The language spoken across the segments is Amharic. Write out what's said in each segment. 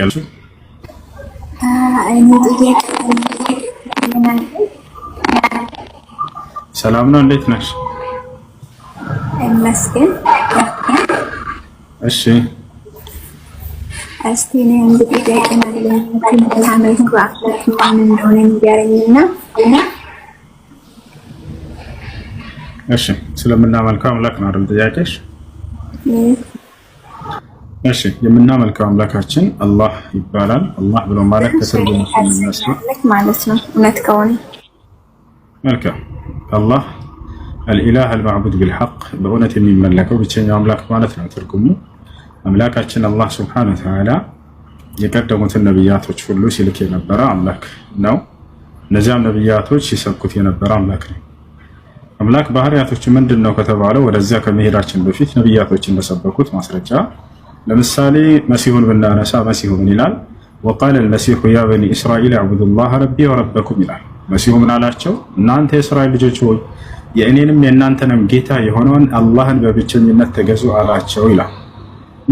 ያልሱ ሰላም ነው። እንዴት ነሽ? ይመስገን። እሺ፣ እስቲ ነው እንግዲህ ደቀናለ ታመት ማን እንደሆነ እንዲያረኝና እሺ፣ ስለምናመልከው አምላክ ነው አይደል ጥያቄሽ? እሺ የምናመልከው አምላካችን አላህ ይባላል። አላህ ብሎ ማለት ከትርጉሙ ማለት ነው። እውነት ከሆነ መልካም አላህ አልኢላህ አልማዕቡድ ቢልሐቅ በእውነት የሚመለከው ብቸኛው አምላክ ማለት ነው ትርጉሙ። አምላካችን አላህ ስብሐነሁ ወተዓላ የቀደሙትን ነቢያቶች ሁሉ ሲልክ የነበረ አምላክ ነው። እነዚያም ነቢያቶች ሲሰብኩት የነበረ አምላክ ነው። አምላክ ባህሪያቶቹ ምንድን ነው ከተባለው ወደዚያ ከመሄዳችን በፊት ነቢያቶች እንደሰበኩት ማስረጃ ለምሳሌ መሲሁን ብናነሳ መሲሁ ምን ይላል? ወቃለ ልመሲሑ ያ በኒ እስራኤል አዕቡዱላህ ረቢ ወረበኩም ይላል። መሲሁ ምን አላቸው? እናንተ የእስራኤል ልጆች ሆይ የእኔንም የእናንተንም ጌታ የሆነውን አላህን በብቸኝነት ተገዙ አላቸው ይላል።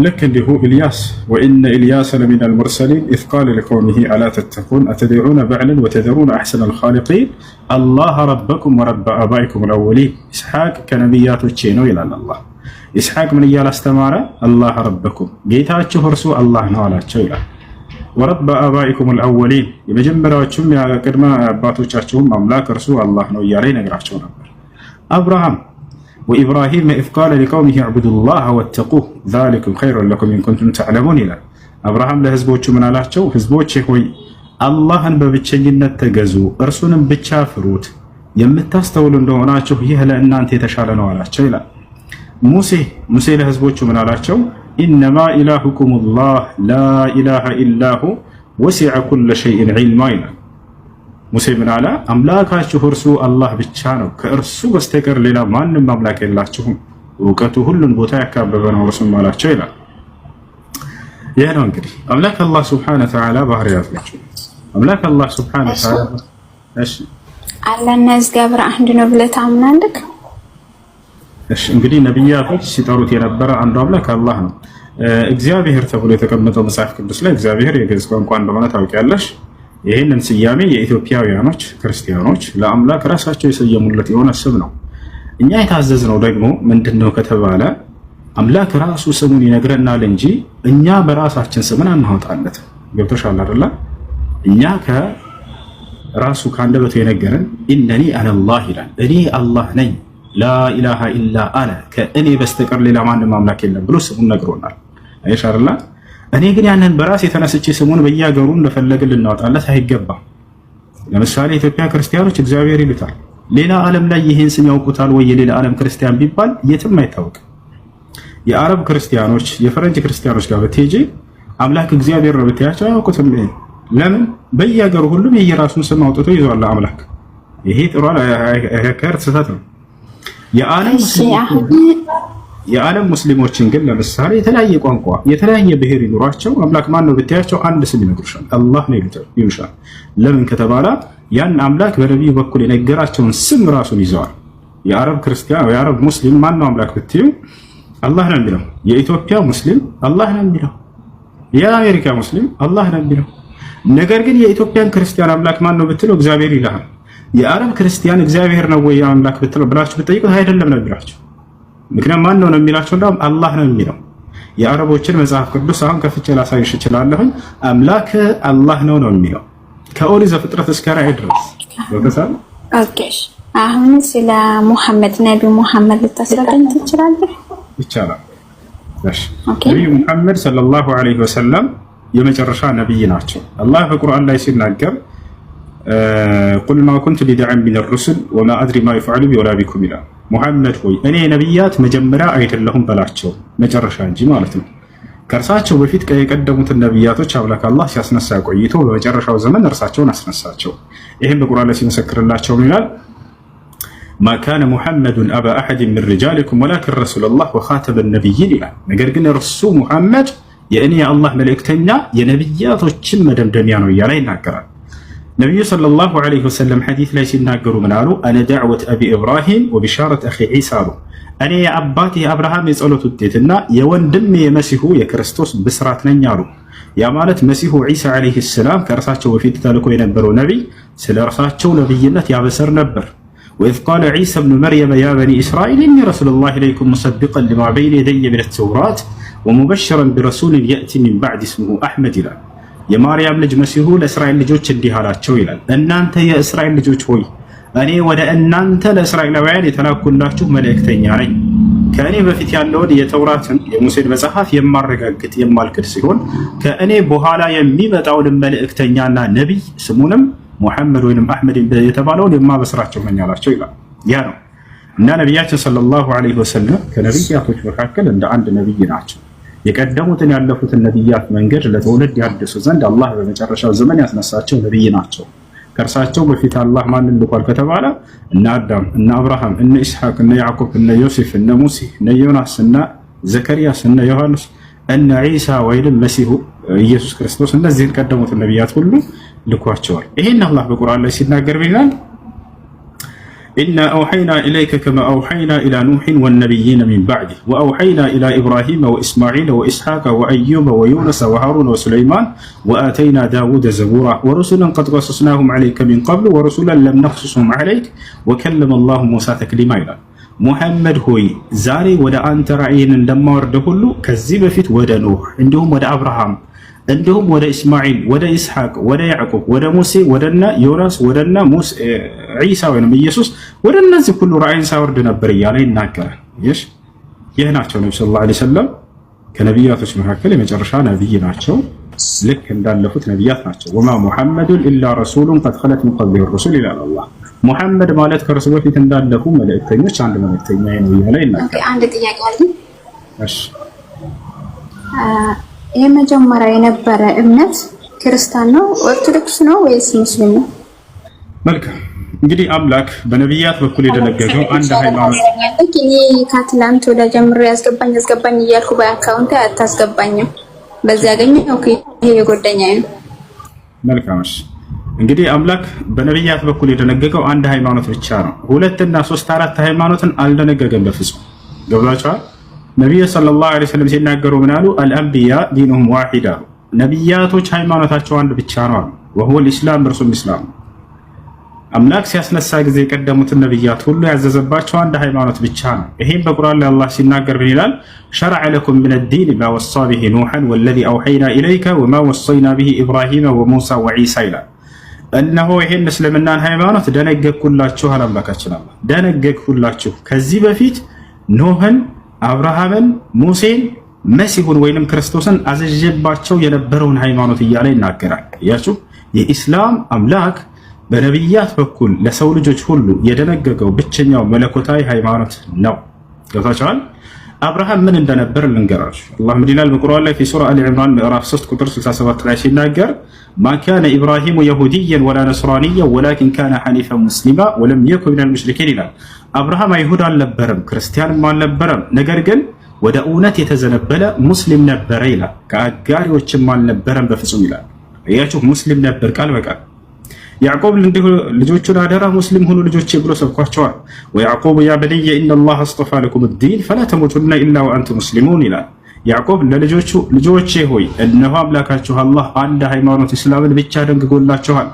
ልክ እንዲሁ ኢልያስ ወኢነ ኢልያስ ለሚን አልሙርሰሊን ኢዝ ቃለ ሊቀውሚሂ አላ ተተቁን አተድዑነ በዕልን ወተደሩነ አሕሰነ አልኻሊቂን አላህ ረበኩም ወረበ አባኢኩም አልአወሊን። ኢስሐቅ ከነቢያቶቼ ነው ይላል አላህ ኢስሐቅ ምን እያል አስተማረ? አላህ ረበኩም ጌታችሁ እርሱ አላህ ነው አላቸው ይላል። ወረብ አባኢኩም አልአወሊን የመጀመሪያዎቹም ቅድመ አባቶቻችሁም አምላክ እርሱ አላህ ነው እያለ ይነግራቸው ነበር። አብርሃም ወኢብራሂም ኢዝ ቃለ ሊቀውሚሂ ዕቡዱላህ ወተቁህ ዛሊኩም ኸይሩን ለኩም ኢን ኩንቱም ተዕለሙን ይላል። አብርሃም ለህዝቦቹ ምን አላቸው? ህዝቦቼ ሆይ አላህን በብቸኝነት ተገዙ፣ እርሱንም ብቻ ፍሩት። የምታስተውሉ እንደሆናችሁ ይህ ለእናንተ የተሻለ ነው አላቸው ይላል ሙሴ ሙሴ ለህዝቦቹ ምን አላቸው? ኢነማ ኢላሁኩም ላህ ላኢላሃ ኢላሁ ወሲዐ ኩለ ሸይን ዒልማ ይላል። ሙሴ ምን አለ? አምላካችሁ እርሱ አላህ ብቻ ነው፣ ከእርሱ በስተቀር ሌላ ማንም አምላክ የላችሁም፣ እውቀቱ ሁሉን ቦታ ያካበበ ነው እርሱም አላቸው ይላል። ይህ ነው እንግዲህ አምላክ አላህ ስብሐነ ወተዓላ ባህርያት ናቸው። አምላክ አላህ ስብሐነ ወተዓላ አላህና እዝጋብር አንድ ነው ብለህ ታምናለህ? እንግዲህ ነቢያቶች ሲጠሩት የነበረ አንዱ አምላክ አላህ ነው። እግዚአብሔር ተብሎ የተቀመጠው መጽሐፍ ቅዱስ ላይ እግዚአብሔር የግዕዝ ቋንቋ እንደሆነ ታውቂያለሽ። ይህንን ስያሜ የኢትዮጵያውያኖች ክርስቲያኖች ለአምላክ ራሳቸው የሰየሙለት የሆነ ስም ነው። እኛ የታዘዝነው ደግሞ ምንድን ነው ከተባለ አምላክ ራሱ ስሙን ይነግረናል እንጂ እኛ በራሳችን ስምን አናወጣለት። ገብቶሻል አይደለ? እኛ ከራሱ ከአንደበቱ የነገረን ኢነኒ አነላህ ይላል፣ እኔ አላህ ነኝ ላኢላሃ ኢላ አለ ከእኔ በስተቀር ሌላ ማንም አምላክ የለም ብሎ ስሙን ነግሮናል። አይሻርላ እኔ ግን ያንን በራስ የተነስቼ ስሙን በየሀገሩ እንደፈለግን ልናወጣለት አይገባም። ለምሳሌ ኢትዮጵያ ክርስቲያኖች እግዚአብሔር ይሉታል። ሌላ ዓለም ላይ ይህን ስም ያውቁታል ወይ? የሌላ ዓለም ክርስቲያን ቢባል የትም አይታወቅም። የአረብ ክርስቲያኖች፣ የፈረንጅ ክርስቲያኖች ጋር ብትሄጂ አምላክ እግዚአብሔር ነው ብትያቸው አያውቁትም። ለምን? በየሀገሩ ሁሉም የየራሱን ስም አውጥቶ ይዟል አምላክ። ይሄ ጥሩ ስህተት ነው። የዓለም ሙስሊሞችን ግን ለምሳሌ የተለያየ ቋንቋ የተለያየ ብሔር ይኑሯቸው አምላክ ማን ነው ብታያቸው አንድ ስም ይነግሩሻል፣ አላህ ነው ይሉሻል። ለምን ከተባላ ያን አምላክ በነቢዩ በኩል የነገራቸውን ስም ራሱን ይዘዋል። የአረብ ክርስቲያን የአረብ ሙስሊም ማን ነው አምላክ ብትዩ አላህ ነው የሚለው። የኢትዮጵያ ሙስሊም አላህ ነው የሚለው። የአሜሪካ ሙስሊም አላህ ነው የሚለው። ነገር ግን የኢትዮጵያን ክርስቲያን አምላክ ማን ነው ብትለው እግዚአብሔር ይልሃል። የአረብ ክርስቲያን እግዚአብሔር ነው ወይ አምላክ ብትለው ብላችሁ ብትጠይቁት አይደለም ነው የሚላቸው። ምክንያቱም ማን ነው ነው የሚላቸው? እንዳውም አላህ ነው የሚለው። የአረቦችን መጽሐፍ ቅዱስ አሁን ከፍቼ ላሳይሽ እችላለሁኝ። አምላክ አላህ ነው ነው የሚለው ከኦሪት ዘፍጥረት እስከ ራዕይ ድረስ ወተሳል። አሁን ስለ ሙሐመድ ነቢ ሙሐመድ ልታስረዳኝ ትችላለህ? ይቻላል። እሺ ነቢ ሙሐመድ ሰለላሁ ዐለይሂ ወሰለም የመጨረሻ ነብይ ናቸው። አላህ በቁርአን ላይ ሲናገር ቁል ማ ኩንቱ ቢድዐን ሚነ ሩስል ወማ አድሪ ማ ይፍዐሉ ቢ ወላ ቢኩም ይላል። ሙሐመድ ሆይ እኔ ነቢያት መጀመሪያ አይደለሁም በላቸው መጨረሻ እንጂ ማለት ነው። ከእርሳቸው በፊት የቀደሙትን ነቢያቶች አምላክ አላህ ሲያስነሳ ቆይቶ በመጨረሻው ዘመን እርሳቸውን አስነሳቸው። ይህም በቁርአን ላይ ሲመሰክርላቸው ምን ይላል? ማ ካነ ሙሐመዱን አባ አሐድ ምን ሪጃሊኩም ወላኪን ረሱለላህ ወኻተመ ነቢይን ይላል። ነገር ግን እርሱ ሙሐመድ የእኔ የአላህ መልእክተኛ የነቢያቶችን መደምደሚያ ነው እያለ ይናገራል። ነቢዩ ሰለላሁ ዐለይሂ ወሰለም ሐዲስ ላይ ሲናገሩ ምን አሉ? አነ ዳዕወት አቢ ኢብራሂም ወቢሻረት አኺ ዒሳ አሉ። እኔ የአባት የአብርሃም የጸሎት ውጤትና የወንድም የመሲሁ የክርስቶስ ብስራት ነኝ አሉ። ያ ማለት መሲሁ ዒሳ ዐለይሂ ሰላም ከእርሳቸው በፊት ተልኮ የነበረው ነቢይ ስለ እርሳቸው ነቢይነት ያበሰር ነበር። ወኢዝ ቃለ ዒሳ ብኑ መርየም ያ በኒ እስራኤል ኢኒ ረሱሉላሂ ኢለይኩም ሙሰቢቀን ሊማ በይነ የደየ ሚነ ተውራት ወሙበሽረን ቢረሱልን የእቲ ሚን ባዕድ ስሙሁ አሕመድ ይላል። የማርያም ልጅ መሲሁ ለእስራኤል ልጆች እንዲህ አላቸው ይላል። እናንተ የእስራኤል ልጆች ሆይ እኔ ወደ እናንተ ለእስራኤላውያን የተላኩላችሁ መልእክተኛ ነኝ። ከእኔ በፊት ያለውን የተውራትን የሙሴን መጽሐፍ የማረጋግጥ የማልክድ ሲሆን ከእኔ በኋላ የሚመጣውን መልእክተኛና ነቢይ ስሙንም ሙሐመድ ወይም አሕመድ የተባለውን የማበስራቸው ነኝ አላቸው ይላል። ያ ነው እና ነቢያችን ሰለላሁ ዐለይሂ ወሰለም ከነቢያቶች መካከል እንደ አንድ ነቢይ ናቸው። የቀደሙትን ያለፉትን ነቢያት መንገድ ለትውልድ ያድሱ ዘንድ አላህ በመጨረሻው ዘመን ያስነሳቸው ነቢይ ናቸው። ከእርሳቸው በፊት አላህ ማንን ልኳል ከተባለ እነ አዳም፣ እነ አብርሃም፣ እነ ኢስሐቅ፣ እነ ያዕቆብ፣ እነ ዮሴፍ፣ እነ ሙሴ፣ እነ ዮናስ፣ እነ ዘከርያስ፣ እነ ዮሐንስ፣ እነ ዒሳ ወይም መሲሁ ኢየሱስ ክርስቶስ እነዚህን ቀደሙትን ነቢያት ሁሉ ልኳቸዋል። ይህን አላህ በቁርአን ላይ ሲናገር ይላል ኢና አውሐይና ኢለይከ ከማ አውሐይና ኢላ ኑሕን ወነቢይነ ሚን ባዕዲህ ወአውሐይና ኢላ ኢብራሂመ ወኢስማዒል ወኢስሐቀ ወአዩበ ወዩነስ ወሃሩን ወሱለይማን ወአተይና ዳውደ ዘቡራ ወሩሱለን ቀድ ቀሰስናሁም ዐለይከ ሚን ቀብሉ ወሩሱለን ለም ነቅሱስሁም ዐለይክ ወከለመ ላሁ ሙሳ ተክሊማ ይላል። ሙሐመድ ሆይ ዛሬ ወደ አንተ ራእይን እንደማወርደ ሁሉ ከዚህ በፊት ወደ ኑሕ እንዲሁም ወደ አብርሃም እንዲሁም ወደ ኢስማዒል ወደ ኢስሐቅ ወደ ያዕቁብ ወደ ሙሴ ወደነ ዮናስ ወደነ ዒሳ ወይም ኢየሱስ ወደ እነዚህ ሁሉ ራእይን ሳወርድ ነበር እያለ ይናገራል። ይህ ናቸው ነቢ ስ ላ ሰለም ከነቢያቶች መካከል የመጨረሻ ነቢይ ናቸው። ልክ እንዳለፉት ነቢያት ናቸው። ወማ ሙሐመዱን ኢላ ረሱሉን ቀድ ኸለት ሚን ቀብሊሂ ሩሱል ይላል አላህ። ሙሐመድ ማለት ከእርሱ በፊት እንዳለፉ መልእክተኞች አንድ መልእክተኛ ነው እያለ ይናገራል። የመጀመሪያ የነበረ እምነት ክርስቲያን ነው፣ ኦርቶዶክስ ነው ወይስ ሙስሊም ነው? መልካም እንግዲህ አምላክ በነቢያት በኩል የደነገገው አንድ ሃይማኖት እኔ ከትላንት ወደ ጀምሮ ያስገባኝ ያስገባኝ እያልኩ በአካውንት አታስገባኝም። በዚህ ያገኘው ይሄ የጎደኛ ነው። መልካም እንግዲህ አምላክ በነቢያት በኩል የደነገገው አንድ ሃይማኖት ብቻ ነው። ሁለት እና ሶስት አራት ሃይማኖትን አልደነገገም በፍጹም ገብቷቸዋል። ነቢዩ ሰለላሁ ዐለይሂ ወሰለም ሲናገሩ ምን አሉ? አልአንቢያ ዲኑሁም ዋሂድ አሉ። ነቢያቶች ሃይማኖታቸው አንድ ብቻ ነው አሉ። ወሁወል ኢስላም፣ እርሱም ኢስላም። አምላክ ሲያስነሳ ጊዜ የቀደሙትን ነቢያት ሁሉ ያዘዘባቸው አንድ ሃይማኖት ብቻ ነው። ይሄም በቁርአን ላይ አላህ ሲናገር ምን ይላል? ሸረዐ ለኩም ሚነ ዲን ማ ወሳ ብሂ ኑሐን ወለዚ አውሐይና ኢለይከ ወማ ወሰይና ብሂ ኢብራሂመ ወሙሳ ወዒሳ ይላል። እነሆ ይሄን እስልምናን ሃይማኖት ደነገግሁላችሁ አለ አምላካችን አላህ። ከዚህ በፊት ኖህን አብርሃምን፣ ሙሴን፣ መሲሁን ወይንም ክርስቶስን አዘዤባቸው የነበረውን ሃይማኖት እያለ ይናገራል። እያችሁ የኢስላም አምላክ በነቢያት በኩል ለሰው ልጆች ሁሉ የደነገገው ብቸኛው መለኮታዊ ሃይማኖት ነው። ገብታችኋል? አብርሃም ምን እንደነበር ልንገራችሁ። አላህ ምን ይላል በቁርአን ላይ ሱራ አሊ ዕምራን ምዕራፍ 3 ቁጥር 67 ላይ ሲናገር ማ ካነ ኢብራሂሙ የሁድየን ወላ ነስራንየን ወላኪን ካነ ሐኒፈን ሙስሊማ ወለም የኩ ሚነል ሙሽሪኪን ይላል። አብርሃም አይሁድ አልነበረም፣ ክርስቲያንም አልነበረም። ነገር ግን ወደ እውነት የተዘነበለ ሙስሊም ነበረ ይላል። ከአጋሪዎችም አልነበረም በፍጹም ይላል። እያችሁ ሙስሊም ነበር ቃል በቃል ያዕቆብ እንዲሁ ልጆቹን አደራ ሙስሊም ሆኑ ልጆቼ ብሎ ሰብኳቸዋል። ወያዕቆብ ያ በንየ ኢና ላህ አስጠፋ ለኩም ዲን ፈላ ተሞቱና ኢላ ወአንቱ ሙስሊሙን ይላል። ያዕቆብ ለልጆቹ ልጆቼ ሆይ እነሆ አምላካችሁ አላህ አንድ ሃይማኖት እስላምን ብቻ ደንግጎላችኋል፣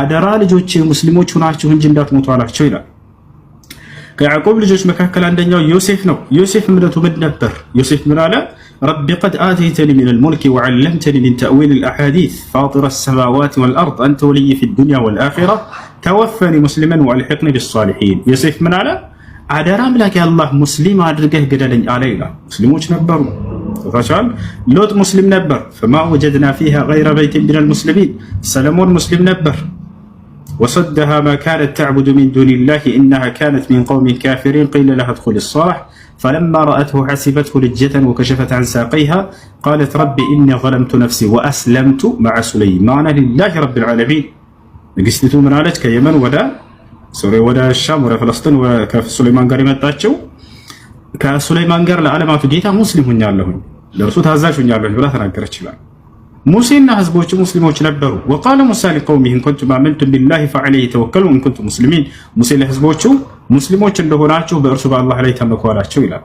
አደራ ልጆቼ ሙስሊሞች ሁናችሁ እንጂ እንዳትሞቱ አላቸው ይላል። ከያዕቆብ ልጆች መካከል አንደኛው ዮሴፍ ነው። ዮሴፍ እምነቱ ምን ነበር? ዮሴፍ ምን አለ? ረቢ ቀድ አተይተኒ ሚን ልሙልክ ወዓለምተኒ ምን ተእዊል ልአሓዲት ፋጢረ ሰማዋት ወልአርድ አንተ ወልይ ፊ ዱንያ ወልአኺራ ተወፈኒ ሙስሊመን ወአልሕቅኒ ብሳሊሒን። ዮሴፍ ምን አለ? አደራ አምላክ የአላህ ሙስሊም አድርገህ ግደለኝ አለ ይላል። ሙስሊሞች ነበሩ ተፈቷል። ሎጥ ሙስሊም ነበር። ፈማ ወጀድና ፊሃ ገይረ በይትን ሚን ልሙስሊሚን። ሰለሞን ሙስሊም ነበር። وصدها ما كانت تعبد من دون الله إنها كانت من قوم كافرين قيل لها ادخل الصرح فلما رأته حسبته لجة وكشفت عن ساقيها قالت رب إني ظلمت نفسي وأسلمت مع سليمان لله رب العالمين قستቱ ምን አለች? ከየመን ወደ ሶሪ ወደ ሻም تاتشو ፍልስጥን ከሱሌማን ጋር የመጣችው ከሱሌማን ጋር مسلم ጌታ ሙስሊም ሁኛለሁኝ ለእርሱ ታዛዥ ሁኛለሁኝ ብላ ተናገረች ይላል። ሙሴና ህዝቦቹ ሙስሊሞች ነበሩ። ወቃለ ሙሳ ሊቀውሚህ እንኩንቱም አመንቱም ቢላሂ ፈዐለይሂ ተወከሉ እንኩንቱም ሙስሊሚን። ሙሴ ለህዝቦቹ ሙስሊሞች እንደሆናችሁ በእርሱ በአላህ ላይ ተመኩ አላቸው ይላል።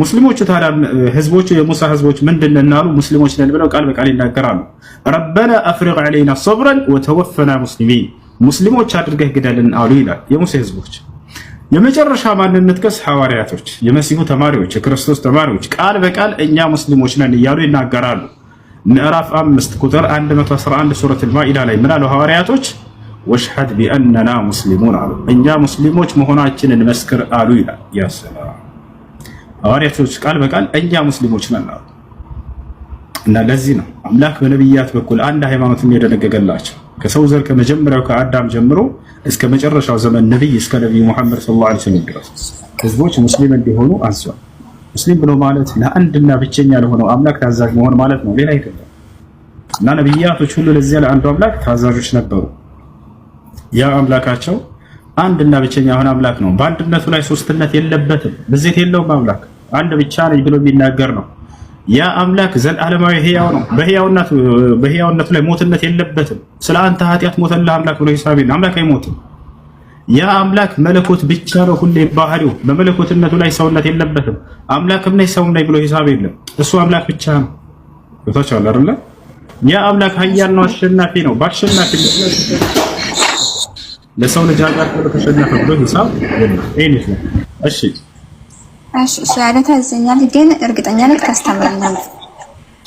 ሙስሊሞቹ ታዲያ ህዝቦቹ የሙሳ ህዝቦች ምንድን እናሉ? ሙስሊሞች ነን ብለው ቃል በቃል ይናገራሉ። ረበና አፍሪቅ ዐለይና ሰብረን ወተወፈና ሙስሊሚን፣ ሙስሊሞች አድርገህ ግደልን አሉ ይላል የሙሴ ህዝቦች። የመጨረሻ ማንነት ቀስ ሐዋርያቶች፣ የመሲሁ ተማሪዎች፣ የክርስቶስ ተማሪዎች ቃል በቃል እኛ ሙስሊሞች ነን እያሉ ይናገራሉ። ምዕራፍ አምስት ቁጥር 111 ሱረቱል ማኢዳ ላይ ምን አሉ ሐዋርያቶች? ወሽሐድ ቢአንና ሙስሊሙን አሉ፣ እኛ ሙስሊሞች መሆናችንን መስክር አሉ ይላል። ያ ሐዋርያቶች ቃል በቃል እኛ ሙስሊሞች ነን አሉ። እና ለዚህ ነው አምላክ በነቢያት በኩል አንድ ሃይማኖትን የደነገገላቸው ከሰው ዘር ከመጀመሪያው ከአዳም ጀምሮ እስከ መጨረሻው ዘመን ነቢይ እስከ ነቢዩ ሙሐመድ ሰለላሁ ዐለይሂ ወሰለም ድረስ ህዝቦች ሙስሊም እንዲሆኑ አዟል። ሙስሊም ብሎ ማለት ለአንድና ብቸኛ ለሆነው አምላክ ታዛዥ መሆን ማለት ነው፣ ሌላ አይደለም። እና ነቢያቶች ሁሉ ለዚያ ለአንዱ አምላክ ታዛዦች ነበሩ። ያ አምላካቸው አንድና ብቸኛ የሆነ አምላክ ነው። በአንድነቱ ላይ ሶስትነት የለበትም፣ ብዜት የለውም። አምላክ አንድ ብቻ ነኝ ብሎ የሚናገር ነው። ያ አምላክ ዘላለማዊ ህያው ነው። በህያውነቱ ላይ ሞትነት የለበትም። ስለ አንተ ኃጢአት ሞተልህ አምላክ ብሎ ሂሳብ አምላክ አይሞትም። ያ አምላክ መለኮት ብቻ ነው ሁሌ ባህሪው። በመለኮትነቱ ላይ ሰውነት የለበትም። አምላክም ነኝ ሰውም ላይ ብሎ ሂሳብ የለም። እሱ አምላክ ብቻ ነው። ቦታች አይደለ? ያ አምላክ ኃያል ነው፣ አሸናፊ ነው። በአሸናፊ ለሰው ልጅ አጋር ተሸነፈ ብሎ ሂሳብ የለም። ይሄን ይችላል። እሺ እሺ። ሻለ ግን እርግጠኛ ነኝ ታስተምረኛለህ።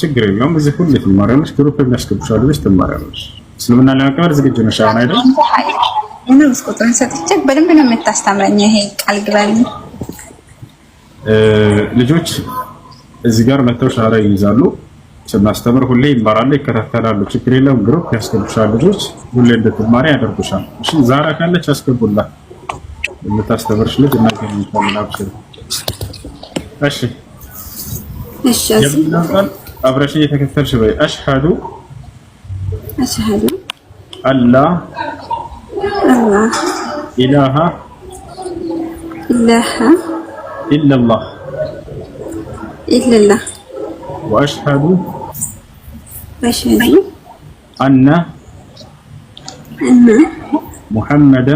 ችግር የለውም። እዚህ ሁሌ ትማሪያለሽ፣ ግሩፕ የሚያስገብሻሉ፣ ትማሪያለሽ። እስልምና ለመቀበል ዝግጁ ነሽ አሁን አይደል? የነብስ ቁጥሩን ሰጥቼ በደንብ ነው የምታስተምረኝ። ይሄ ቃል ግባልኝ። ልጆች እዚህ ጋር መጥተው ሻራ ይይዛሉ። ስናስተምር ሁሌ ይማራሉ፣ ይከታተላሉ። ችግር የለም። ግሩፕ ያስገቡሻል። ልጆች ሁሌ እንደትማሪ ያደርጉሻል። እሺ፣ ዛራ ካለች ያስገቡላል። የምታስተምርሽ ልጅ እናገኝታለን። አብሽር። እሺ፣ እሺ። አብረሽ እየተከተልሽ በይ። አሽሃዱ አሽሃዱ አላ الله إله إله إلا الله إلا الله وأشهد أشهد أن أن محمدا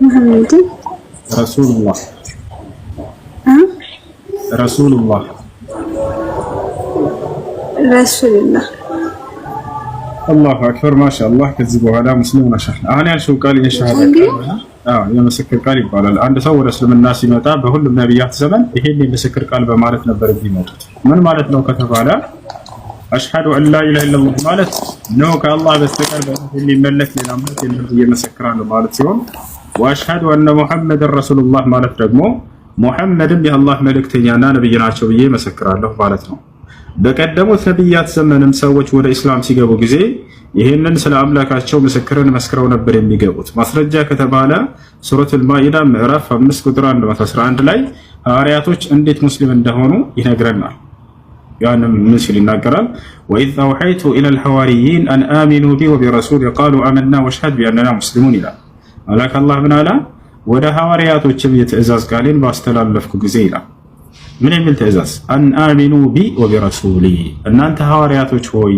محمدا رسول الله رسول الله رسول الله አላሁ አክበር ማሻአላህ። ከዚህ በኋላ ሙስሊሙን አሻህ አሁን ያልሽው ቃል የሸሃዳ ቃል የምስክር ቃል ይባላል። አንድ ሰው ወደ እስልምና ሲመጣ በሁሉም ነቢያት ዘመን ይሄን የምስክር ቃል በማለት ነበር የሚመጡት። ምን ማለት ነው ከተባለ አሽሃዱ አላ ኢላሃ ኢለላህ ማለት ነው ከአላህ በስተቀር የሚመለክ ሌላ አምላክ የለም እየመሰክራለሁ ማለት ሲሆን ወአሽሃዱ አነ ሙሐመድን ረሱሉላህ ማለት ደግሞ ሙሐመድም የአላህ መልእክተኛና ነብይ ናቸው ብዬ መሰክራለሁ ማለት ነው። በቀደሙት ነቢያት ዘመንም ሰዎች ወደ ኢስላም ሲገቡ ጊዜ ይህንን ስለ አምላካቸው ምስክርን መስክረው ነበር የሚገቡት። ማስረጃ ከተባለ ሱረቱል ማኢዳ ምዕራፍ 5 ቁጥር 111 ላይ ሐዋርያቶች እንዴት ሙስሊም እንደሆኑ ይነግረናል። ያንም ምን ሲል ይናገራል? ወኢዝ አውሐይቱ ኢለል ሐዋርይን አን አሚኑ ቢ ወቢረሱል ቃሉ አመና ወሽሀድ ቢአንና ሙስሊሙን ይላል። አላህ ምን አላ? ወደ ሐዋርያቶችም የትእዛዝ ቃሌን ባስተላለፍኩ ጊዜ ይላል ምን የሚል ትእዛዝ? አን አሚኑ ቢ ወቢረሱሊ እናንተ ሐዋርያቶች ሆይ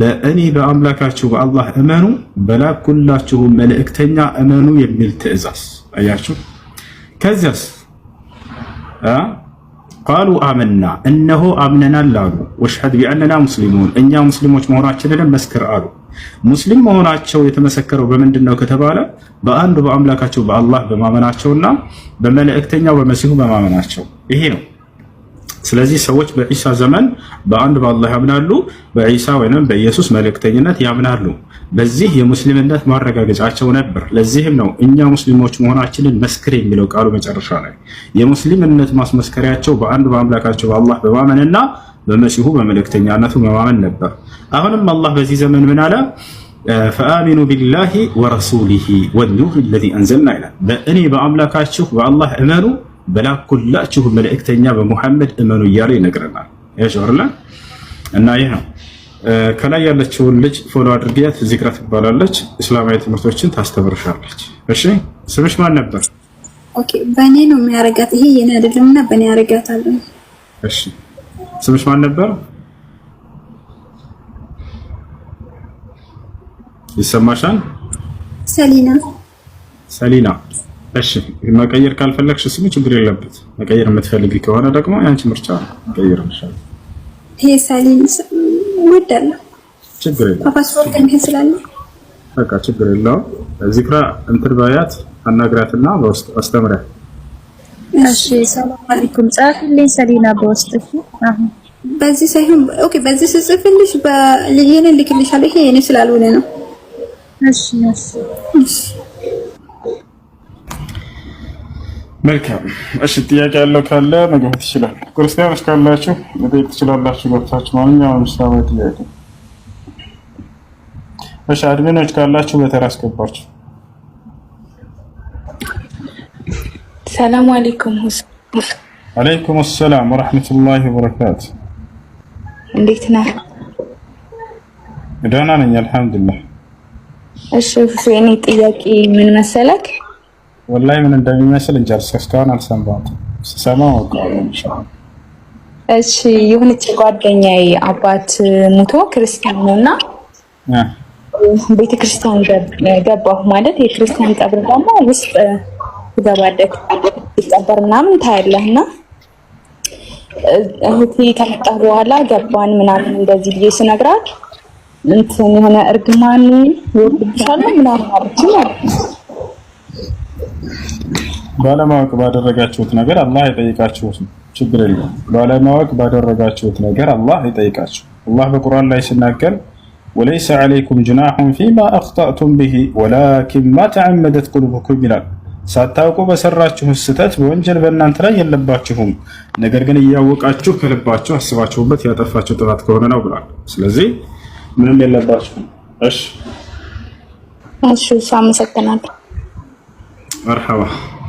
በእኔ በአምላካችሁ በአላህ እመኑ፣ በላኩላችሁ መልእክተኛ እመኑ የሚል ትእዛዝ አያችሁ። ከዚያስ ቃሉ አመና እነሆ አምነናል አሉ። ወሽሐድ ቢአንና ሙስሊሙን እኛ ሙስሊሞች መሆናችንን መስክር አሉ። ሙስሊም መሆናቸው የተመሰከረው በምንድን ነው ከተባለ በአንዱ በአምላካቸው በአላህ በማመናቸውና በመልእክተኛው በመሲሁ በማመናቸው ይሄ ነው። ስለዚህ ሰዎች በዒሳ ዘመን በአንድ በአላህ ያምናሉ፣ በዒሳ ወይም በኢየሱስ መልእክተኝነት ያምናሉ። በዚህ የሙስሊምነት ማረጋገጫቸው ነበር። ለዚህም ነው እኛ ሙስሊሞች መሆናችንን መስክር የሚለው ቃሉ መጨረሻ ላይ የሙስሊምነት ማስመስከሪያቸው በአንድ በአምላካቸው በአላህ በማመንና በመሲሁ በመልእክተኛነቱ በማመን ነበር። አሁንም አላህ በዚህ ዘመን ምን አለ? ፈአሚኑ ቢላሂ ወረሱሊሂ ወኑር ለዚ አንዘልና ይላል። በእኔ በአምላካችሁ በአላህ እመኑ በላኩላችሁ መልእክተኛ በሙሐመድ እመኑ እያለ ይነግረናል። ያሸርላ እና ይህ ነው። ከላይ ያለችውን ልጅ ፎሎ አድርጊያት። ዚክራ ትባላለች። እስላማዊ ትምህርቶችን ታስተምርሻለች። እሺ ስምሽ ማን ነበር? ኦኬ በእኔ ነው የሚያረጋት። ይሄ የኔ አይደለም እና በእኔ እሺ ስምሽ ማን ነበር? ይሰማሻል? ሰሊና ሰሊና እሺ መቀየር ካልፈለግሽ ስሙ ችግር የለበት። መቀየር የምትፈልጊ ከሆነ ደግሞ ያንቺ ምርጫ መቀየር ይሻል። ይሄ ሳይሌን ችግር የለውም። ፓስፖርት እንትን ስላለ በቃ ችግር የለውም። ዚክራ እንትን ባያት አናግራትና በውስጥ አስተምሪያት። እሺ ሰላም አለይኩም ጻፍልኝ ሰሊና በውስጥ አሁን በዚህ ሳይሆን ኦኬ፣ በዚህ ስጽፍልሽ በልጄን ልክልሻለሁ። ይሄ የኔ ስላልሆነ ነው። እሺ እሺ መልካም እሺ፣ ጥያቄ ያለው ካለ መግባት ይችላል። ክርስቲያኖች ካላችሁ መጠየቅ ትችላላችሁ ገብታችሁ ማንኛውም እስላማዊ ጥያቄ። እሺ፣ አድሚኖች ካላችሁ በተራ አስገባችሁ። ሰላም አለይኩም። አለይኩም ሰላም ወራህመቱላሂ ወበረካቱ። እንዴት ነህ? ደህና ነኝ አልሐምዱሊላህ። እሺ፣ የኔ ጥያቄ ምን መሰለክ ወላሂ ምን እንደሚመስል እንጨርስ እስካሁን አልሰማሁትም። ስሰማው እሺ የሆነች ጓደኛዬ አባት ሙቶ ክርስቲያን ነው እና ቤተክርስቲያን ገባሁ ማለት የክርስቲያን ቀብር ደግሞ ውስጥ ትገባለህ ይቀበር ምናምን ታያለህ እና እህቴ ከመጣ በኋላ ገባን ምናምን እንደዚህ ብዬ ስነግራት እንትን የሆነ እርግማን ይወድብሻል ምናምን አለችኝ። ባለማወቅ ባደረጋችሁት ነገር አላህ አይጠይቃችሁት፣ ችግር የለም። ባለማወቅ ባደረጋችሁት ነገር አላህ አይጠይቃችሁ። አላህ በቁርአን ላይ ሲናገር ወለይሰ ዓለይኩም ጅናሑን ፊማ አኽጣእቱም ቢሂ ወላኪን ማ ተዓመደት ቁሉብኩም ይላል። ሳታውቁ በሰራችሁ ስህተት በወንጀል በእናንተ ላይ የለባችሁም፣ ነገር ግን እያወቃችሁ ከልባችሁ አስባችሁበት ያጠፋችሁ ጥፋት ከሆነ ነው ብሏል። ስለዚህ ምንም የለባችሁም። እሺ እሺ፣ አመሰግናለሁ። مرحبا